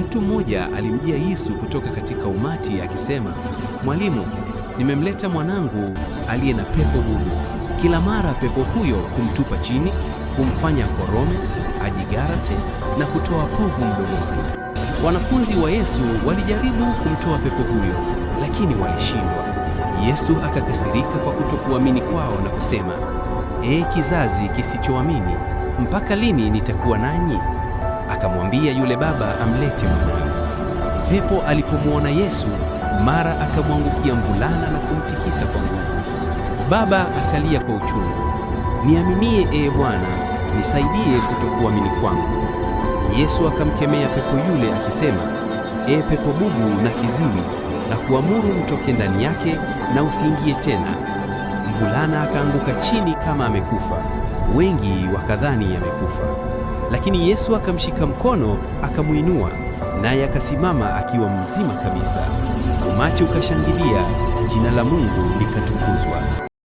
Mtu mmoja alimjia Yesu kutoka katika umati akisema, Mwalimu, nimemleta mwanangu aliye na pepo bubu. Kila mara pepo huyo humtupa chini, humfanya korome, ajigarate na kutoa povu mdomoni. Wanafunzi wa Yesu walijaribu kumtoa pepo huyo, lakini walishindwa. Yesu akakasirika kwa kutokuamini kwao na kusema, Ee kizazi kisichoamini, mpaka lini nitakuwa nanyi? akamwambia yule baba amlete mvulana. Pepo alipomwona Yesu, mara akamwangukia mvulana na kumtikisa kwa nguvu. Baba akalia kwa uchungu, niaminie ee Bwana, nisaidie kutokuamini kwangu. Yesu akamkemea pepo yule akisema, ee pepo bubu na kiziwi, na kuamuru mtoke ndani yake na usiingie tena. Mvulana akaanguka chini kama amekufa, wengi wakadhani amekufa lakini Yesu akamshika mkono akamwinua, naye akasimama akiwa mzima kabisa. Umati ukashangilia, jina la Mungu likatukuzwa.